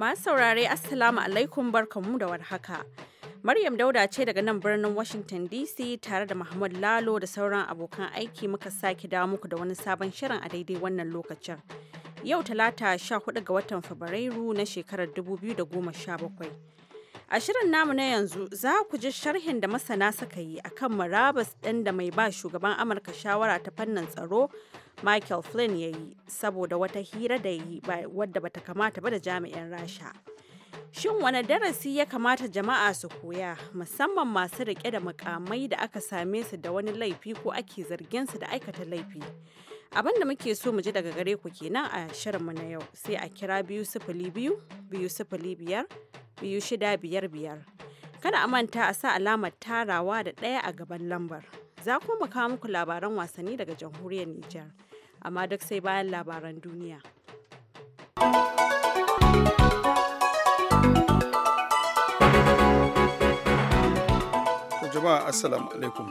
Masu saurare Assalamu alaikum barkamu da warhaka. Maryam Dauda ce daga nan birnin Washington DC tare da Muhammad Lalo da sauran abokan aiki muka sake dawo muku da wani sabon shirin a daidai wannan lokacin. Yau talata 14 ga watan Fabrairu na shekarar 2017. A shirin namu na yanzu za ku ji sharhin da masana suka yi akan marabas ɗin da mai ba shugaban Amurka shawara ta fannin tsaro michael flynn ya yi saboda wata hira da yi wadda bata kamata ba da jami'in rasha shin wani darasi ya kamata jama'a su koya musamman masu rike da mukamai da aka same su da wani laifi ko ake zargin su da aikata laifi abin da muke so mu ji daga gare ku kenan a mu na yau sai a kira biyu sifili biyu biyu sifili biyar biyu shida biyar biyar kada a manta a sa alamar tarawa da ɗaya a gaban lambar za ku mu kawo muku labaran wasanni daga jamhuriyar Nijar. amma duk sai bayan labaran duniya. Jama'a Assalamu alaikum.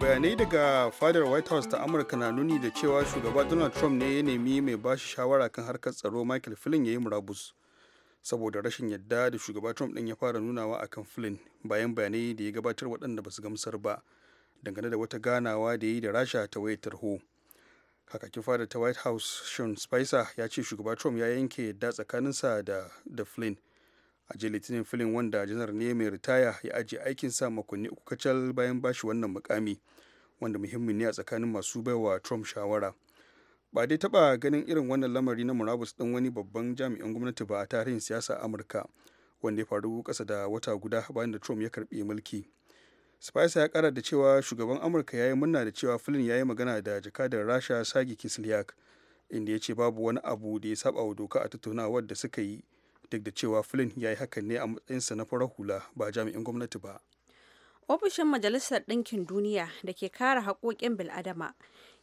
Bayanai daga fadar White House ta Amurka na nuni da cewa shugaba Donald Trump ne ya nemi mai bashi shawara kan harkar tsaro Michael Flynn ya yi murabus. saboda rashin yadda da shugaba trump ɗin ya fara nunawa a kan flynn bayan bayanai da ya gabatar waɗanda ba su gamsar ba dangane da wata ganawa da ya yi da rasha ta wayar tarho kakakin da ta white house sean spicer ya ce shugaba trump ya yanke da tsakaninsa da da flynn a jiya litinin flynn wanda janar ne mai ritaya ya ajiye aikin aikinsa makonni uku kacal bayan bashi wannan mukami wanda muhimmin ne a tsakanin masu baiwa trump shawara ba dai taba ganin irin wannan lamari na murabus din wani babban jami'in gwamnati ba a tarihin siyasa amurka wanda ya faru kasa da wata guda bayan da trump ya karbi mulki spicer ya kara da cewa shugaban amurka ya yi murna da cewa flynn ya yi magana da jakadar rasha sagi kislyak inda ya ce babu wani abu da ya saba wa doka a tattaunawar da suka yi duk da cewa flynn ya yi hakan ne a matsayinsa na farar hula ba jami'in gwamnati ba ofishin majalisar ɗinkin duniya da ke kare haƙoƙin bil'adama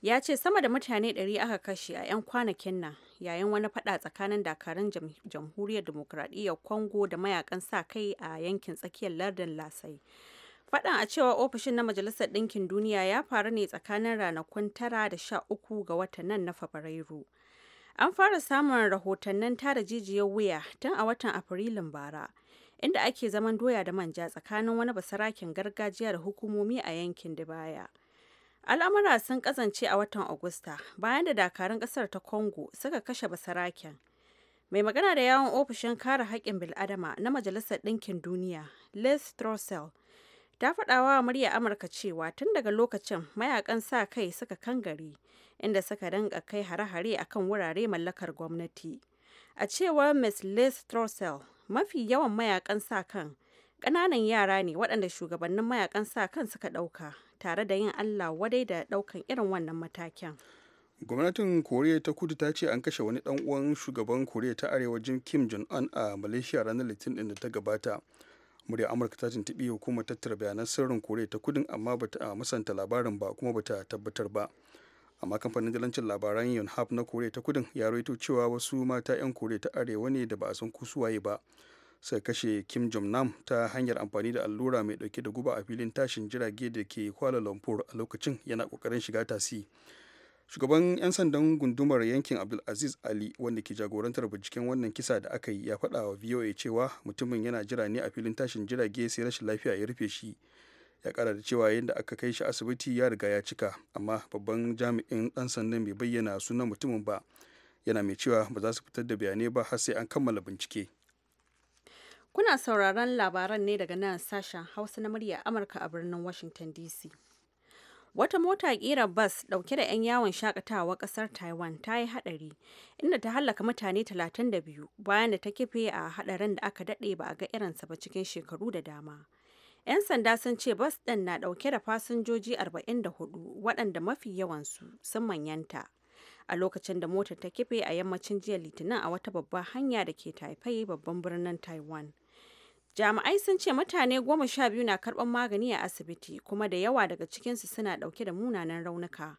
ya ce sama da mutane ɗari aka kashe a 'yan kwanakin nan yayin wani fada tsakanin dakarun jamhuriyar demokradiyyar congo da mayakan sa kai a yankin tsakiyar lardin lasai Faɗan a cewa ofishin na Majalisar Ɗinkin Duniya ya faru ne tsakanin ranakun tara da sha uku ga watan nan na Fabrairu. An fara samun rahotannin tara jijiyar wuya tun a watan Afrilun bara, inda ake zaman doya da manja tsakanin wani basarakin gargajiya da hukumomi a yankin Dibaya. Al'amura sun kazance a watan Agusta bayan da dakarun ƙasar ta Congo suka kashe basaraken. Mai magana da yawon ofishin kare haƙƙin bil'adama na Majalisar Ɗinkin Duniya, Les Throssell, ta faɗawa wa murya amurka cewa tun daga lokacin mayakan sa kai suka kangare inda suka danga kai hare-hare akan wurare mallakar gwamnati a cewa ms liz trussell mafi yawan mayakan sa kan ƙananan yara ne waɗanda shugabannin mayakan sa kan suka ɗauka tare da yin allah wadai da ɗaukan irin wannan matakin gwamnatin koriya ta kudu ta ce an kashe wani ɗan uwan shugaban koriya ta arewa jim kim jong un a malaysia ranar litinin da ta gabata muryar amurka ta tuntuɓi hukumar tattara bayanan sirrin koriya ta kudin amma bata musanta labarin ba kuma bata tabbatar ba amma kamfanin dalancin labaran yonhap na koriya ta kudin ya rawaito cewa wasu mata 'yan koriya ta arewa ne da ba a san kusuwaye ba sai kashe kim jong nam ta hanyar amfani da allura mai dauke da guba a filin tashin jirage da ke kwala lumpur a lokacin yana kokarin shiga tasi shugaban 'yan sandan gundumar yankin abdulaziz ali wanda ke jagorantar binciken wannan kisa da aka yi ya faɗa wa voa cewa mutumin yana jira ne a filin tashin jirage sai rashin lafiya ya rufe shi ya kara da cewa yadda aka kai shi asibiti ya riga ya cika amma babban jami'in ɗan sandan bai bayyana sunan mutumin ba yana mai cewa ba za su fitar da bayanai ba har sai an kammala bincike kuna sauraron labaran ne daga nan sashen hausa na murya amurka a birnin washington dc Wata mota ƙirar bas ɗauke da 'yan yawon shakatawa ƙasar Taiwan ta yi haɗari, inda ta hallaka mutane 32 bayan da ta kife a haɗarin da aka daɗe ba a ga irinsa ba cikin shekaru da dama. 'Yan sanda sun ce bas ɗin na ɗauke da fasinjoji 44 waɗanda mafi yawansu sun manyanta. a lokacin da motar ta kife a yammacin jiya litinin a wata babbar hanya da ke taifai babban birnin taiwan Jami'ai sun ce mutane goma sha biyu na karɓar magani a asibiti kuma da yawa daga cikinsu suna ɗauke da munanan raunuka.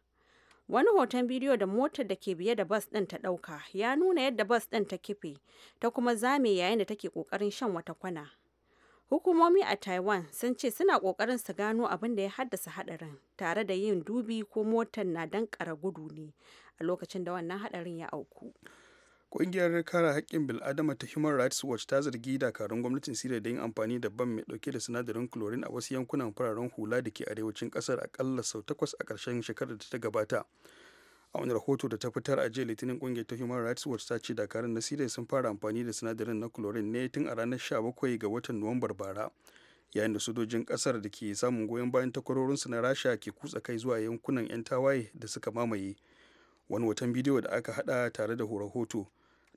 Wani hoton bidiyo da motar da ke biye da bas ɗin ta ɗauka ya nuna yadda bas ɗin ta kife ta kuma zame yayin da take ƙoƙarin shan wata kwana. Hukumomi a Taiwan sun ce suna kokarin su gano abin da ya haddasa haɗarin tare da yin dubi ko motar na dankare gudu ne a lokacin da wannan haɗarin ya auku. Ƙungiyar kare haƙƙin bil'adama ta Human Rights Watch ta zargi dakarun gwamnatin Siriya da yin amfani da ban mai ɗauke da sinadarin chlorine a wasu yankunan fararen hula da ke arewacin ƙasar aƙalla sau takwas a ƙarshen shekarar da ta gabata. A wani rahoto da ta fitar a jiya Litinin kungiyar ta Human Rights Watch ta ce dakarun na Siriya sun fara amfani da sinadarin na chlorine ne tun a ranar 17 ga watan Nuwambar bara. Yayin da sojojin ƙasar da ke samun goyon bayan takwarorinsu na Rasha ke kutsa kai zuwa yankunan 'yan tawaye da suka mamaye. Wani watan bidiyo da aka hada tare da rahoto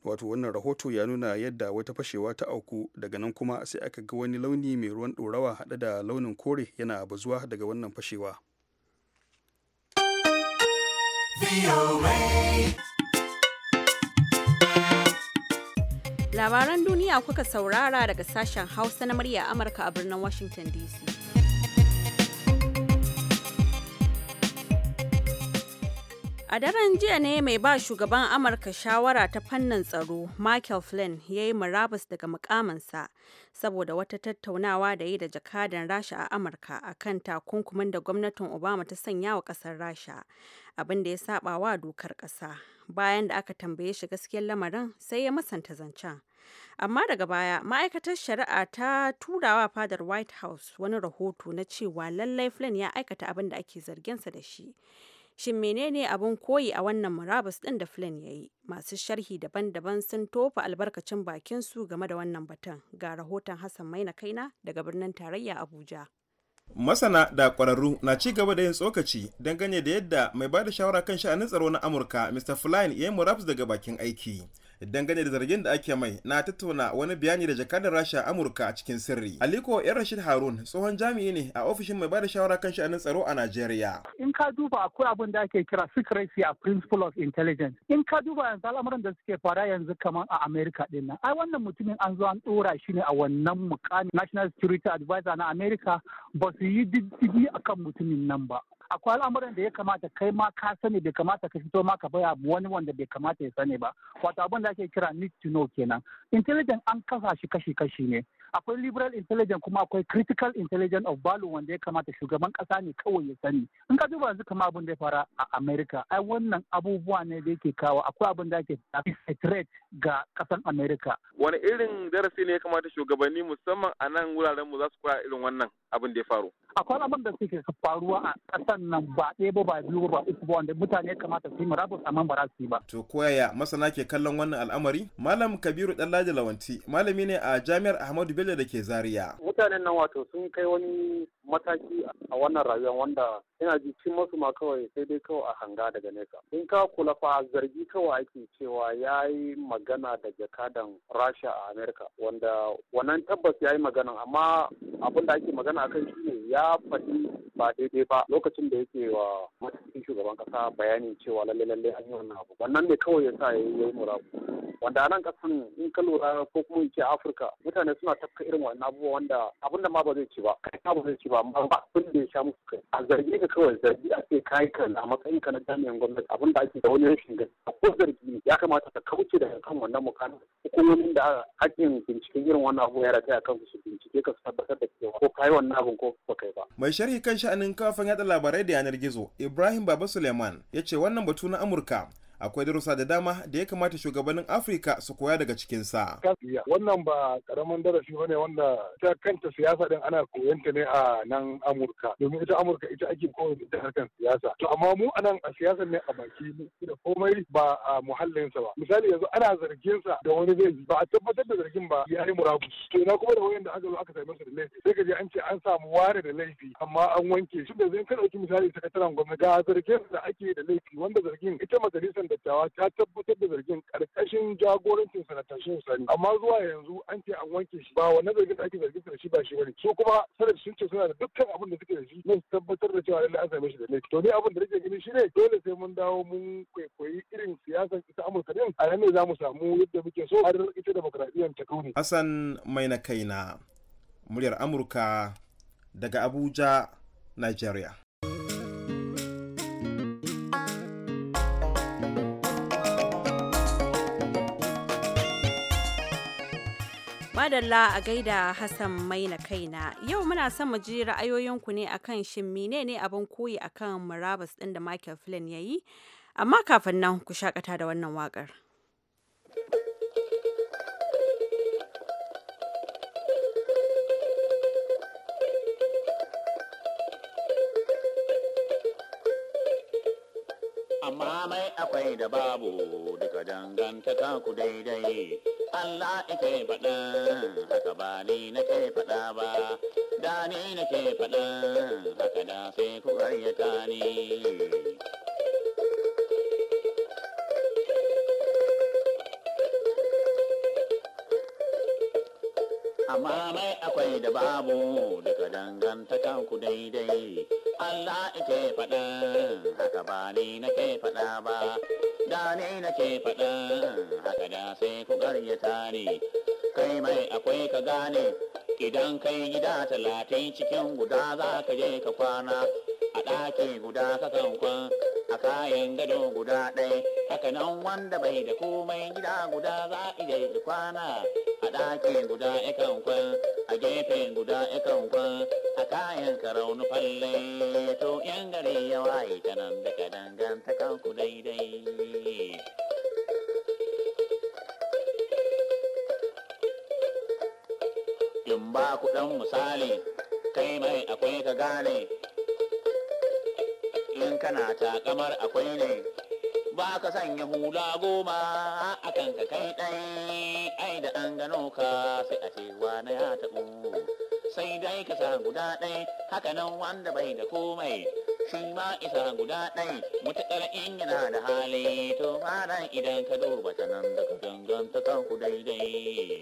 wato wannan rahoto ya nuna yadda wata fashewa ta auku daga nan kuma sai aka ga wani launi mai ruwan ɗorawa haɗe da launin kore yana bazuwa daga wannan fashewa labaran duniya kuka saurara daga sashen hausa na murya amurka a birnin washington dc A daren jiya ne mai ba shugaban Amurka shawara ta fannin tsaro Michael Flynn ya yi murabus daga mukaminsa saboda wata tattaunawa da yi da jakadan Rasha a Amurka a kan takunkumin da gwamnatin Obama ta sanya wa kasar Rasha abin da ya saba wa dokar kasa. Bayan da aka tambaye shi gaskiyar lamarin sai ya masanta zancen. Amma daga baya ma'aikatar shari'a ta turawa fadar White House wani rahoto na cewa lallai Flynn ya aikata abin da ake zarginsa da shi. Shin menene abin koyi a wannan murabus din da Flynn ya yi? Masu sharhi daban-daban sun tofa albarkacin bakin su game da wannan batun. Ga rahoton Hassan Maina Kaina daga birnin tarayya Abuja. Masana da kwararru na ci gaba da yin tsokaci dangane da yadda mai ba da shawara kan sha'anin tsaro na Amurka, Mr. Flynn ya yi murabus daga bakin aiki. dangane da zargin da ake mai na tattauna wani bayani da jakadar rasha amurka a cikin sirri aliko yan rashid harun tsohon jami'i ne a ofishin mai bada shawara kan sha'anin tsaro a najeriya in ka duba akwai abin da ake kira secrecy a principle of intelligence in ka duba yanzu al'amuran da suke fara yanzu kamar a Amerika din nan ai wannan mutumin an zo an dora shi ne a wannan mukamin national security advisor na Amerika ba su yi diddigi akan mutumin nan ba akwai al'amuran da ya kamata kai ma ka sani bai kamata ka fito ma ka baya wani wanda bai kamata ya sani ba wato abin da ake kira need to know kenan intelligence an kasa shi kashi kashi ne akwai liberal intelligence kuma akwai critical intelligence of balu wanda ya kamata shugaban kasa ne kawai ya sani in ka duba yanzu kamar abin da ya fara a america ai wannan abubuwa ne da yake kawo akwai abin da ake threat ga kasan america wani irin darasi ne ya kamata shugabanni musamman a nan wuraren mu za su kula irin wannan abin da ya faru akwai abin da suke faruwa a kasan nan ba ɗaya ba ba biyu ba uku ba wanda mutane ya kamata su yi murabus amma ba za su yi ba to koyaya masana ke kallon wannan al'amari malam kabiru dan lawanti malami ne a jami'ar ahmadu Bello da ke Zaria. Mutanen nan wato sun kai wani mataki a wannan rayuwar wanda yana jikin masu ma kawai sai dai kawai a hanga daga nesa. In ka kula fa zargi kawai ake cewa ya yi magana da jakadan Rasha a Amerika wanda wannan tabbas ya yi magana amma abin da ake magana akan shi ne ya faɗi ba daidai ba lokacin da yake wa matakin shugaban kasa bayani cewa lalle lalle an yi wannan abu wannan ne kawai ya sa ya yi murabu wanda a nan kasan in ka lura ko kuma in ce Afirka mutane suna ta maka irin wannan abubuwa wanda abinda ma ba zai ci ba kai ma ba zai ci ba amma ba abin da ya sha muku kai a zargi ka kawai zargi a ce kai ka a matsayin ka na jami'an gwamnati abin da ake da wani rashin a ko zargi ya kamata ka kauce daga kan wannan mukamin hukumomin da hakkin binciken irin wannan abu ya a kan su bincike ka su tabbatar da cewa ko kai wannan abin ko ba kai ba mai sharhi kan sha'anin kafin yada labarai da yanar gizo Ibrahim Baba Suleiman ya ce wannan batu na Amurka akwai darussa da dama da ya kamata shugabannin afirka su koya daga cikinsa wannan ba karamin darasi bane wanda ta kanta siyasa din ana koyanta ne a nan amurka domin ita amurka ita ake koyar da harkar siyasa to amma mu a nan a siyasar ne a baki da komai ba a muhallinsa ba misali yanzu ana zargin sa da wani zai ba a tabbatar da zargin ba ya yi murabus to na kuma da wayan da aka zo aka same su da laifi sai ka je an ce an samu ware da laifi amma an wanke shi da zai kada ki misali sakataren gwamnati ga zargin da ake da laifi wanda zargin ita majalisar dattawa ta tabbatar da zargin karkashin jagorancin sanata shehu sani amma zuwa yanzu an ce an wanke shi ba wannan zargin da ake zargin da shi ba shi bane su kuma sanar sun ce suna da dukkan abin da suke da shi ne tabbatar da cewa lallai an same shi da laifi to ni abin da nake gani shi ne dole sai mun dawo mun kwaikwayi irin siyasar ita amurka din a nan za mu samu yadda muke so har ita demokradiyyar ta kauni. hassan mai na kaina muryar amurka daga abuja nigeria. Madalla a gaida Hassan mai Maina kaina. Yau muna son mu ji ra'ayoyinku ne akan shin menene abin koyi akan murabus ɗin da Michael Flynn ya yi? Amma kafin nan ku shakata da wannan waƙar. mai akwai da babu duka dangantaka ku daidai Allah ike faɗa haka ba ni nake faɗa ba da ni nake faɗa haka da sai ku ƙaryata ni amma mai akwai da babu daga dangantakan ku daidai Allah ke faɗa haka ba ni ke faɗa ba dane na ke faɗa haka da sai ku ya tare kai mai akwai ka gane idan kai gida talatin cikin guda za ka je ka kwana a ɗaki guda ka kan a kayan gado guda ɗaya haka nan wanda bai da komai gida guda za a je kwana a ɗaki guda ya kan a gefen guda ya kan a kayan karaunu falle to yan gari ya waye ta nan da ka danganta kanku daidai in ba ku ɗan misali kai mai akwai ka gane in kana takamar akwai ne ba ka sanya hula goma a kanka kai ɗai ai da an gano ka sai a cewa na ya taɓo sai dai ka sa guda ɗai hakanan wanda bai da komai shi ma isa guda ɗai mutuƙar in yana da hali to ma idan ka duba ta nan da ka ganganta kanku daidai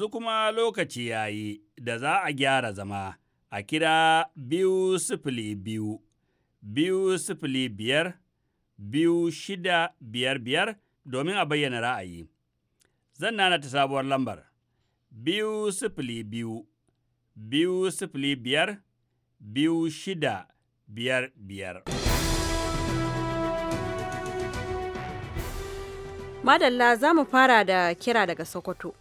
yanzu kuma lokaci ya yi da za a gyara zama a kira biyu sifili biyu, biyu sifili biyar, biyu shida biyar biyar domin a bayyana ra'ayi. Zan nana ta sabuwar lambar, biyu sifili biyu, biyu sifili biyar, biyu shida biyar biyar. Madalla za mu fara da kira daga Sokoto.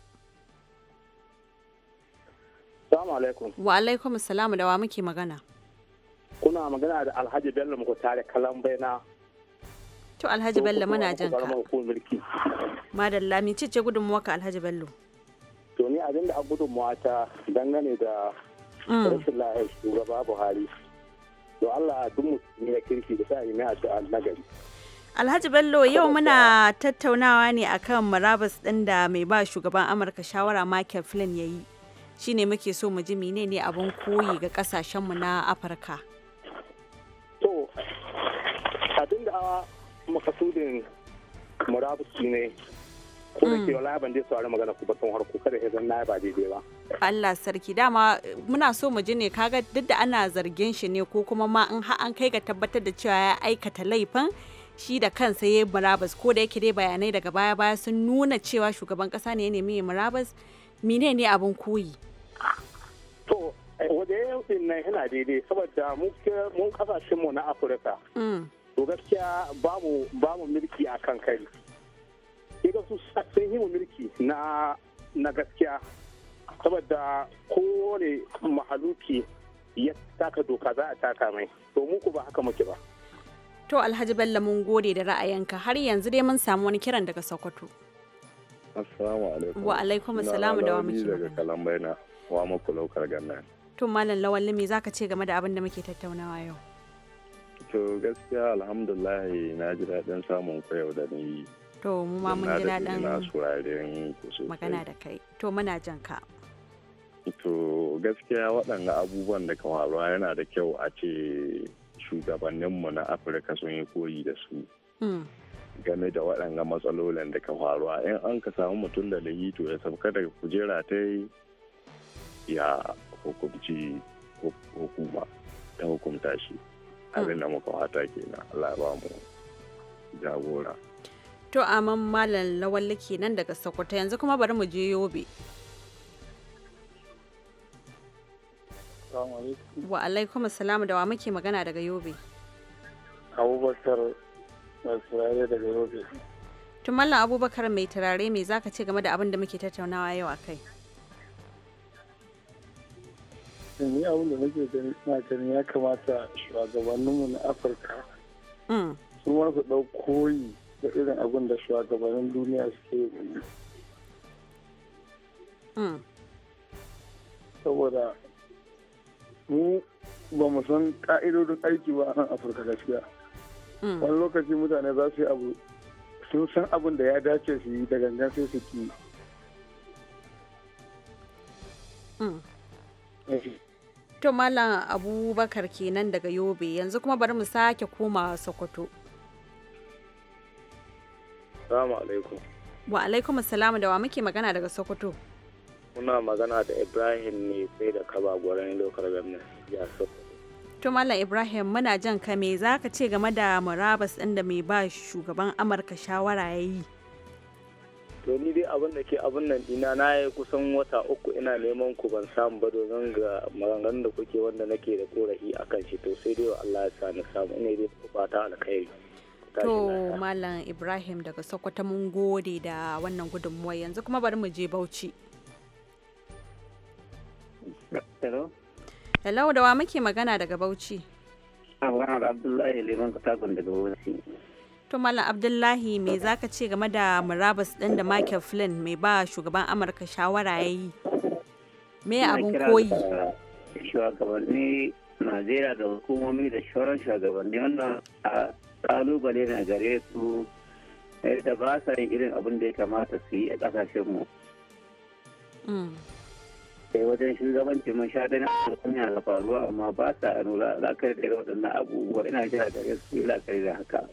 Assalamu alaikum. Wa alaikum assalamu da wa muke magana. Kuna magana da Alhaji Bello muku tare kalan baina. To Alhaji Bello muna jan ka. Madalla mi ce ce gudunmuwa ka Alhaji Bello. To ni abin da a gudunmuwa ta dangane da mm. rashin lahiyar shugaba Buhari. To Allah duk mutum ya kirki da sa ime a nagari. Alhaji Bello yau muna tattaunawa ne akan murabus ɗin da mai ba shugaban Amurka shawara Michael Flynn ya yi. shine muke so mu ji menene abin koyi ga kasashenmu na afirka to abin da makasudin murabuki ne ko da ke mm. wala ban je saurari magana ku batun harko kada ya zan na ba daidai ba Allah sarki dama muna so mu ji ne kaga duk da ana zargin shi ne ko kuma ma in har an kai ga tabbatar da cewa ya aikata laifin shi da kansa ya yi murabas ko da yake dai bayanai daga baya baya sun nuna cewa shugaban kasa ne ya nemi murabas menene abin koyi To, waje yau din nan yana daidai saboda mun kasashen mu na Afirka. Mm. To gaskiya babu babu mulki a kan kai. Kiga su sun yi mulki na na gaskiya saboda kowane mahaluki ya taka doka za a taka mai. To muku ba haka muke ba. To Alhaji Bello mun gode da ra'ayinka har yanzu dai mun samu wani kiran daga Sokoto. Assalamu alaikum. Wa alaikum assalam da wa muke. daga Kalambaina. wa muku laukar gannan. tun malam lawalli me ka ce game da abin da muke tattaunawa yau to gaskiya alhamdulillah na ji daɗin samun ku yau da ni to mu ma mun ji daɗin magana da kai to muna jan ka to gaskiya waɗanda abubuwan da kawarwa yana da kyau a ce shugabanninmu na afirka sun yi koyi da su hmm. game da waɗanga matsalolin da ka faruwa in an ka samu mutum da lahito ya sauka daga kujera ta yi ya hukunci hukuma ta hukunta shi abin da muka wata kenan Allah ba mu jagora to aman malam lawalli nan daga Sokoto yanzu kuma bari mu je Yobe wa alaikum assalamu da wa muke magana daga Yobe Abubakar mai turare daga Yobe Tumalla Abubakar mai turare me zaka ce game da abin da muke tattaunawa yau a kai? ni abin da nake gani ina ganin ya kamata shugabanninmu na afirka mm. su ma su ɗau koyi da irin abin da shugabannin duniya suke yi mm. saboda mu ba mu san ƙa'idodin aiki ba a nan afirka gaskiya mm. wani lokaci mutane za su yi abu sun san abin da ya dace su yi da gangan sai su ki eh. to malam abubakar kenan daga yobe yanzu kuma bari mu sake komawa sokoto salamu alaikum wa alaikum assalamu da wa muke magana daga sokoto muna magana da ibrahim ne sai da kaba gwaran lokar gwamnati ya sokoto to malam ibrahim muna jan ka me za ka ce game da murabas ɗin da mai ba shugaban amurka shawara ya yi to ni dai abin da ke abin nan ina na yi kusan wata uku ina neman ku ban samu ba domin ga maganganun da kuke wanda nake da korafi akan shi to sai dai Allah ya sa na samu ina dai fata alkhairi To Malam Ibrahim daga Sokoto mun gode da wannan gudunmuwa yanzu kuma bari mu je Bauchi. Hello. Hello da wa muke magana daga Bauchi? Ah, magana da Abdullahi Liman Katagun daga Bauchi. To Malam Abdullahi me za ka ce game da murabus ɗin da Michael Flynn mai ba shugaban Amurka shawara ya yi? Me abin koyi? Shugabanni Najeriya da hukumomi da shawarar shugabanni wannan a kalubale na gare su da ba sa yin irin abin da ya kamata su yi a ƙasashenmu. Mm. Sai wajen zaman mun sha dana da kunya da faruwa amma ba sa nuna la'akari da waɗannan abubuwa ina jira gare su yi la'akari da haka.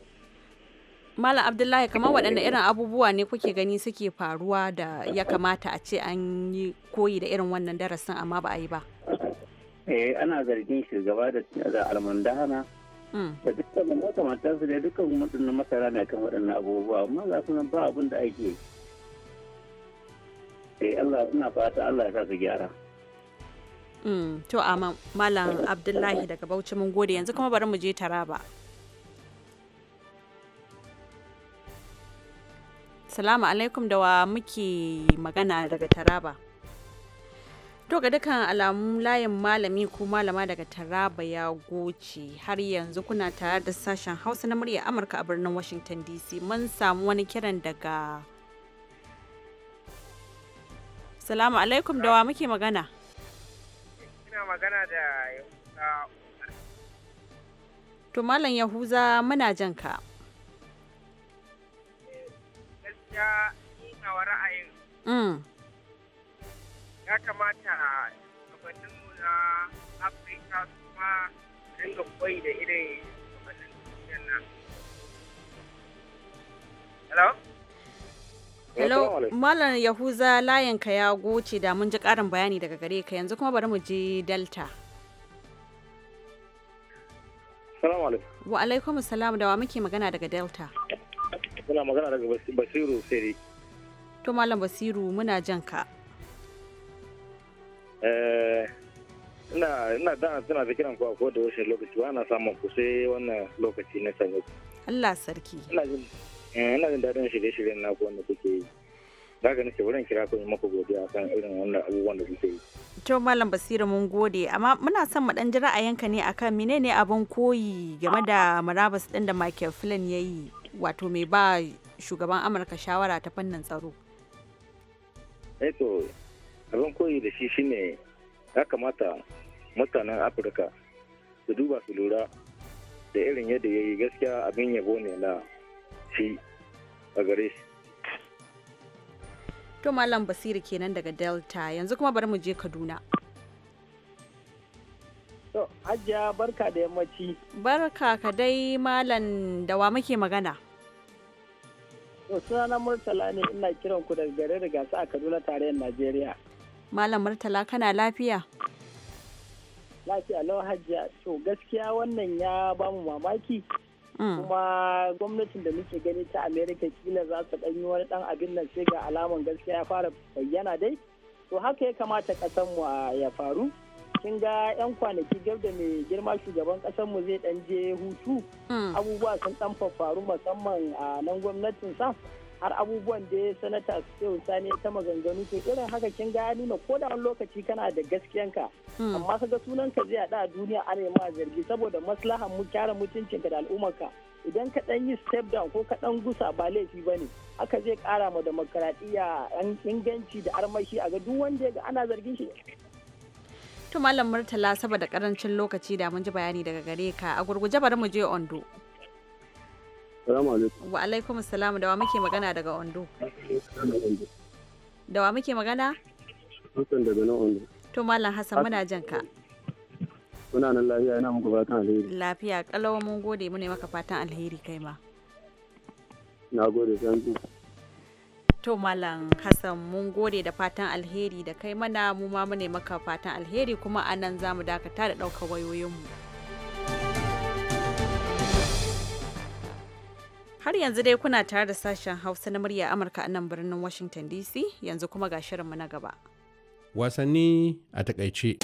Malam Abdullahi kamar waɗanne irin abubuwa ne kuke gani suke faruwa da ya kamata a ce an yi koyi da irin wannan darasin amma ba a yi ba. Eh ana zargin shugaba da almandana. Hmm. da dukkan makamantar su da dukkan waɗannan masara ne kan waɗannan abubuwa amma za su nan ba abin da ake eh Allah ina fata Allah ya sa su gyara. Hmm, to amma Malam Abdullahi daga Bauchi mun gode yanzu kuma bari mu je Taraba. Salamu alaikum da wa muke magana daga Taraba. To ga dukkan alamu layin malami ko malama daga Taraba ya goce har yanzu kuna tare da sashen Hausa na murya Amurka a birnin Washington DC mun samu wani kiran daga Salamu alaikum da wa muke magana. Ina magana da Yahuza. To Malam Yahuza muna jan ka. Ya ni nawa ra'ayin. Mm. Ya kamata shugabanninmu na Afirka su ma dinga koyi da irin shugabannin duniyar nan. Hello? Hello, Malam Yahuza layinka ya goce da mun ji ƙarin bayani daga gare ka yanzu kuma bari mu ji Delta. Salamu alaikum. Wa alaikum salam da wa muke magana daga Delta. kuna magana daga Basiru Sere. To Malam Basiru muna jan ka. Eh, ina da tana da kiran kuwa ko da wasu lokaci ba na samun ku sai wannan lokaci na sanyo Allah sarki. Ina jin eh, daɗin shirye-shiryen na kuwa wanda kuke yi. Za ka nace wurin kira ku gobe godiya kan irin wannan abubuwan da kuke yi. To Malam Basiru mun gode amma muna son mu ɗan ji ra'ayinka ne akan menene abin koyi game da murabus ɗin da Michael Flynn ya yi. wato mai ba shugaban amurka shawara ta fannin tsaro eto eh abin koyi da shi shine ya kamata mutanen afirka su duba su lura da irin yadda ya yi gaskiya abin yabo ne na shi a gare shi to malam basiru kenan daga delta yanzu kuma bari mu je kaduna to hajiya barka da yammaci barka ka dai malam da wa muke magana To na Murtala ne ina kiran ku daga gare da gasa a Kaduna tarayyar Najeriya. Malam Murtala kana lafiya? Lafiya lau hajiya. To gaskiya wannan ya ba mu mamaki. Mm. Kuma gwamnatin da muke gani ta Amerika kila za su ɗan wani ɗan abin nan sai ga alaman gaskiya ya fara bayyana dai. To haka ya kamata ƙasanmu ah, ya faru. kin ga yan kwanaki gab da mai girma shugaban kasar mu zai dan je hutu hmm. abubuwa sun dan faru musamman a nan gwamnatin sa har abubuwan da sanata su sani ta maganganu to irin haka kin ga nuna ko da wani lokaci kana da gaskiyanka hmm. amma kaga ka zai hada a duniya ana ma zargi saboda maslahan mu kyara mutuncinka da ka idan ka dan yi step down ko ka dan gusa ba laifi bane haka zai kara ma an inganci da armashi a ga duk wanda ya ga ana zargin shi To Malam Murtala saboda karancin lokaci da mun ji bayani daga gare ka a gurguje bari mu je Ondo. Salamu alaikum. Wa alaikum salam da wa muke magana daga Ondo. Da wa muke magana? Hassan daga nan Ondo. To Malam Hassan muna jan ka. Muna nan lafiya ina muku fatan alheri. Lafiya kalau mun gode mu ne maka fatan alheri kai ma. Na gode san to malam hassan mun gode da fatan alheri da kai mana mu ma mune maka fatan alheri kuma anan za mu dakata da ɗaukar wayoyinmu har yanzu dai kuna tare da sashen hausa na murya amurka a nan birnin washington dc yanzu kuma ga shirinmu na gaba wasanni a takaice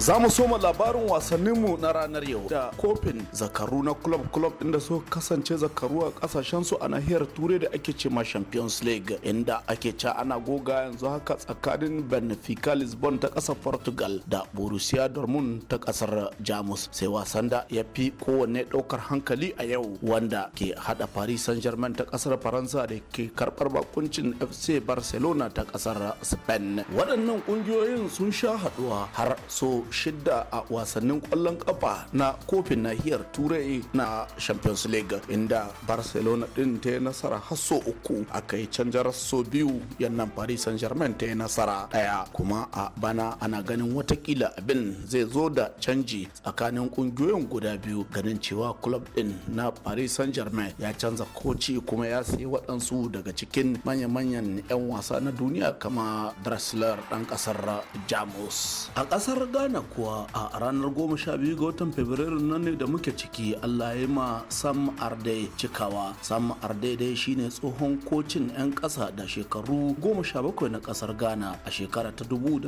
Za mu soma labarin wasanninmu na ranar yau da kofin zakaru na club club inda su kasance zakaru a kasashen su a nahiyar turai da ake ce ma Champions League inda ake ca ana goga yanzu haka tsakanin Benfica Lisbon ta kasar Portugal da Borussia Dortmund ta kasar Jamus sai wasan da ya fi kowanne ɗaukar hankali a yau wanda ke hada Paris Saint-Germain ta kasar Faransa da ke karbar bakuncin FC Barcelona ta kasar Spain waɗannan ƙungiyoyin sun sha haɗuwa har so shidda a wasannin kwallon kafa na kofin nahiyar turai na champions league inda barcelona din ta yi nasara hasso uku a kai canjar so biyu yannan paris saint germain ta yi nasara daya kuma a bana ana ganin watakila abin zai zo da canji tsakanin kungiyoyin guda biyu ganin cewa club din na paris saint germain ya canza koci kuma ya sayi waɗansu daga cikin manya-manyan 'yan wasa na duniya kama dressler ɗan ƙasar jamus a ƙasar ghana kuwa a ranar goma sha biyu ga watan Fabrairu nan ne da muke ciki Allah ya ma Sam Arde cikawa. Sam Arde dai shine tsohon kocin 'yan ƙasa da shekaru goma na ƙasar Ghana a shekara ta dubu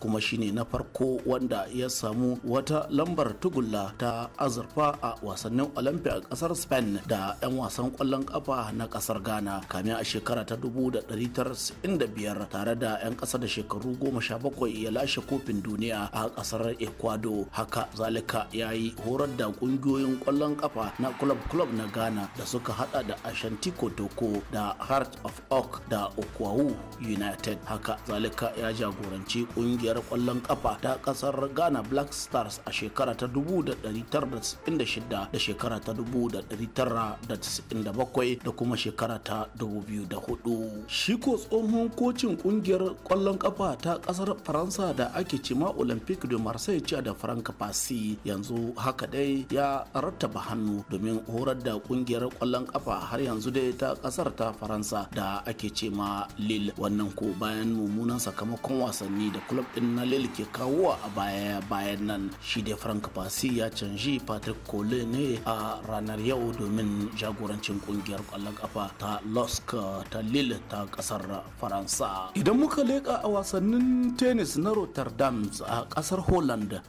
kuma shine na farko wanda ya samu wata lambar tugulla ta azurfa a wasannin Olympia a ƙasar Spain da 'yan wasan ƙwallon ƙafa na ƙasar Ghana kamin a shekara ta dubu biyar tare da 'yan ƙasa da shekaru goma bakwai ya lashe kofin duniya a kasar ecuador haka zalika ya yi horar da kungiyoyin kwallon kafa na club club na ghana da suka hada da ashanti kotoko da heart of oak da okwahu united haka zalika ya jagoranci kungiyar kwallon kafa ta kasar ghana black stars a shekara ta 1996 da shekara ta 1997 da kuma shekara ta 2004 shi ko tsohon kocin kungiyar kwallon kafa ta kasar faransa da ake cima olympique de marseille ce da frank passi yanzu haka dai ya rattaba hannu domin horar da kungiyar kwallon kafa har yanzu dai ta kasar ta faransa da ake ce ma lille wannan ko bayan mummunan sakamakon wasanni da club din na lille ke kawowa a baya bayan nan shi dai frank passi ya canji patrick cole ne a ranar yau domin jagorancin kungiyar kwallon kafa ta losk ta lille ta kasar faransa idan muka leka a wasannin tennis na rotterdam netherlands a kasar holland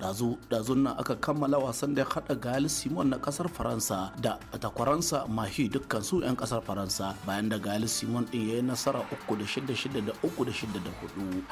dazu nan aka kammala wasan da ya hada gael simon na kasar faransa da takwaransa mahi dukkan su 'yan kasar faransa bayan da gael simon din ya yi nasara uku da da 6 da uku da 6 da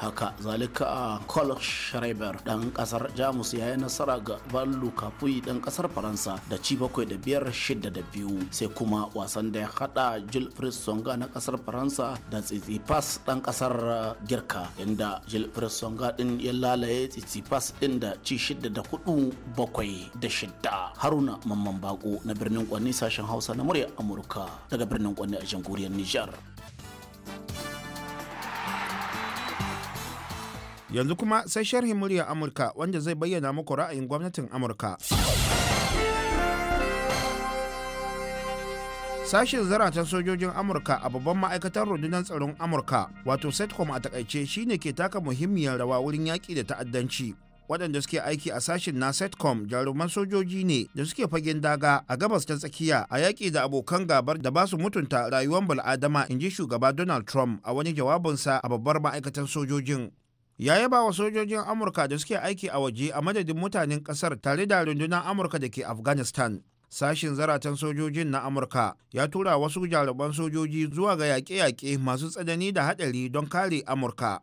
4 haka zalika a kol schreiber dan kasar jamus ya nasara ga vallu kafui dan kasar faransa da ci 7 da biyar 6 da biyu sai kuma wasan da ya hada Jules Songa na kasar Faransa da Tsitsipas dan kasar uh, Girka inda Jules Songa din ya lalace. ya fas din da ci shidda da hudu bakwai da shidda haruna mamman bako na birnin kwanni sashen hausa na murya amurka daga birnin kwanni a jamhuriyar nijar yanzu kuma sai sharhin murya amurka wanda zai bayyana muku ra'ayin gwamnatin amurka sashen zaratan sojojin amurka a babban ma'aikatar rundunar tsaron amurka wato setcom a takaice shine ke taka muhimmiyar rawa wurin yaƙi da ta'addanci waɗanda suke aiki a sashen na setcom jaruman sojoji ne da suke fagen daga a gabas ta tsakiya a yaƙi da abokan gabar da ba su mutunta rayuwar bal'adama in ji shugaba donald trump a wani jawabinsa a babbar ma'aikatan sojojin ya yaba wa sojojin amurka da suke aiki a waje a madadin mutanen ƙasar tare da rundunar amurka da ke afghanistan sashin zaratan sojojin na amurka ya tura wasu jaruban sojoji zuwa ga yaƙe-yaƙe masu tsanani da haɗari don kare amurka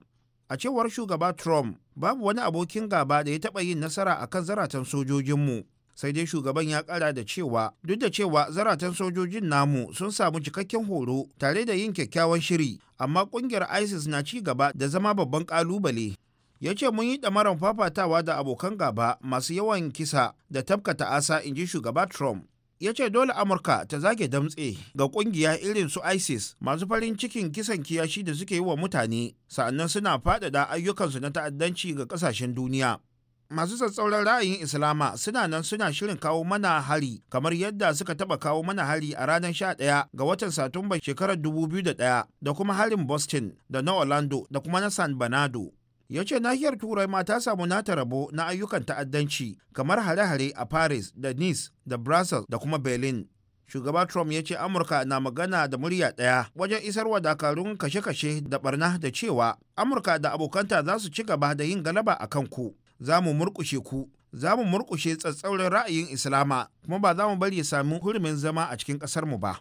a cewar shugaba trump babu wani abokin gaba da ya taɓa yin nasara akan zaratan sojojinmu sai dai shugaban ya ƙara da cewa duk da cewa zaratan sojojin namu sun samu cikakken horo tare da yin kyakkyawan shiri amma ƙungiyar isis na ci gaba da zama babban ƙalubale. ya ce mun yi ɗamaran fafatawa da abokan gaba masu yawan kisa da tabkata asa in ji shugaba trump ya ce dole amurka ta zage damtse ga kungiya irin su isis masu farin cikin kisan kiyashi da suke yi wa mutane sa'annan suna faɗaɗa ayyukansu na ta'addanci ga ƙasashen duniya masu tsatsauran ra'ayin islama suna nan suna shirin kawo mana hari kamar yadda suka taɓa kawo mana hari a ranar 11 ga watan satumba shekarar 2001 da kuma harin boston da na orlando da kuma na san bernardo ya ce nahiyar turai mata samu nata rabo na ayyukan ta'addanci kamar hare-hare a paris da nice da brussels da kuma berlin shugaba trump ya ce amurka na magana da murya ɗaya wajen isar wa dakarun kashe-kashe da barna da cewa amurka da abokanta za su ci gaba da yin galaba a kan ku za mu murƙushe ku za mu murƙushe tsatsauran ra'ayin islama kuma ba za mu bari ya sami hurumin zama a cikin ƙasarmu ba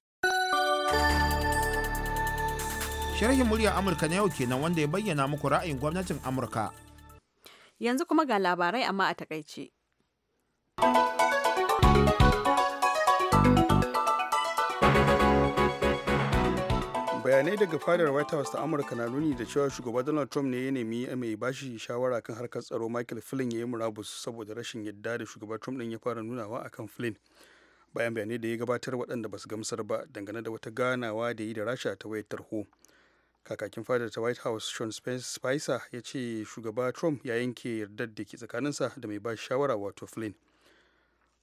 Sharhin muryar Amurka na yau kenan wanda ya bayyana muku ra'ayin gwamnatin Amurka. Yanzu kuma ga labarai amma a takaice. bayanai daga fadar white house ta amurka na nuni da cewa shugaba donald trump ne ya nemi mai bashi shawara kan harkar tsaro michael flynn ya yi murabus saboda rashin yadda da shugaba trump din ya fara nunawa akan flynn bayan bayanai da ya gabatar waɗanda ba su gamsar ba dangane da wata ganawa da yi da rasha ta wayar tarho kakakin fadar ta white house sean spicer ya ce shugaba trump ya yanke yardar da ke tsakaninsa da mai ba shawara wato flynn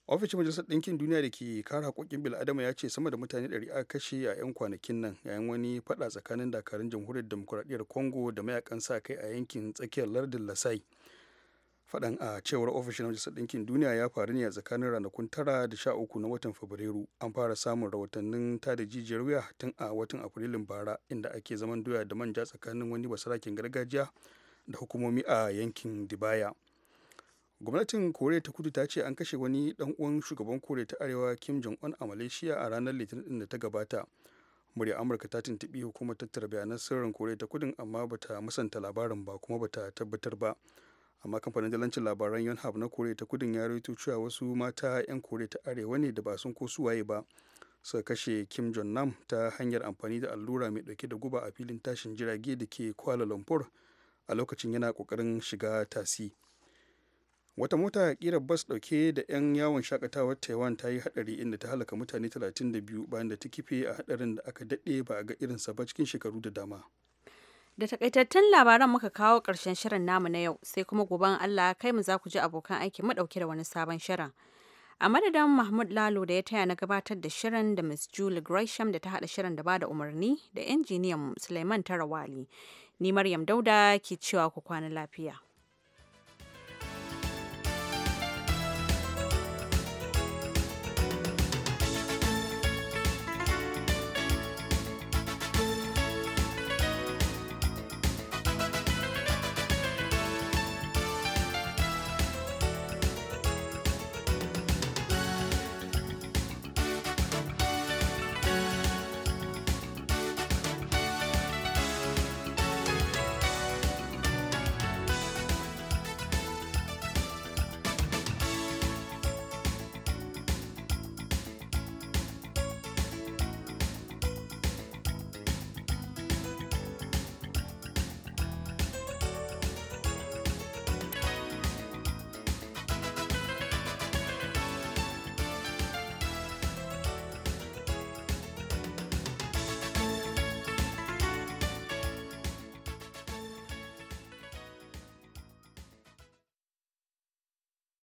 ofishin majalisar ɗinkin duniya da ke kare haƙoƙin bil'adama ya ce sama da mutane ɗari a kashe a 'yan kwanakin nan yayin wani faɗa tsakanin dakarun jamhuriyar demokuraɗiyyar congo da mayakan sa kai a yankin tsakiyar lardin lasai faɗan a cewar ofishin majalisar ɗinkin duniya ya faru ne a tsakanin ranakun tara da sha uku na watan fabrairu an fara samun rahotannin tada jijiyar wuya tun a watan afrilun bara inda ake zaman doya da manja tsakanin wani basarakin gargajiya da hukumomi a yankin dibaya gwamnatin koriya ta kudu ta ce an kashe wani dan uwan shugaban koriya ta arewa kim jong un a malaysia a ranar litinin da ta gabata murya amurka ta tuntubi hukumar tattara bayanan sirrin koriya ta kudin amma bata musanta labarin ba kuma bata tabbatar ba amma kamfanin dalancin labaran yonhap na koriya ta kudin ya rawaito cewa wasu mata 'yan koriya ta arewa ne da ba sun ko suwaye ba suka kashe kim jong nam ta hanyar amfani da allura mai dauke da guba a filin tashin jirage da ke kuala lumpur a lokacin yana kokarin shiga tasi wata mota kira bas dauke da 'yan yawon shakatawar taiwan ta yi hadari inda ta halaka mutane 32 bayan da ta kife a hadarin da aka daɗe ba a ga irinsa ba cikin shekaru da dama Da takaitattun labaran muka kawo ƙarshen shirin namu na yau sai kuma goban Allah kai mu za ku ji abokan aiki mu ɗauke da wani sabon shirin. A madadin Mahmud Lalo da ya taya na gabatar da shirin da ms Julie Gresham da ta haɗa shirin da bada umarni da injiniyan Suleiman Tarawali. Ni Maryam Dauda ke cewa ku kwana lafiya.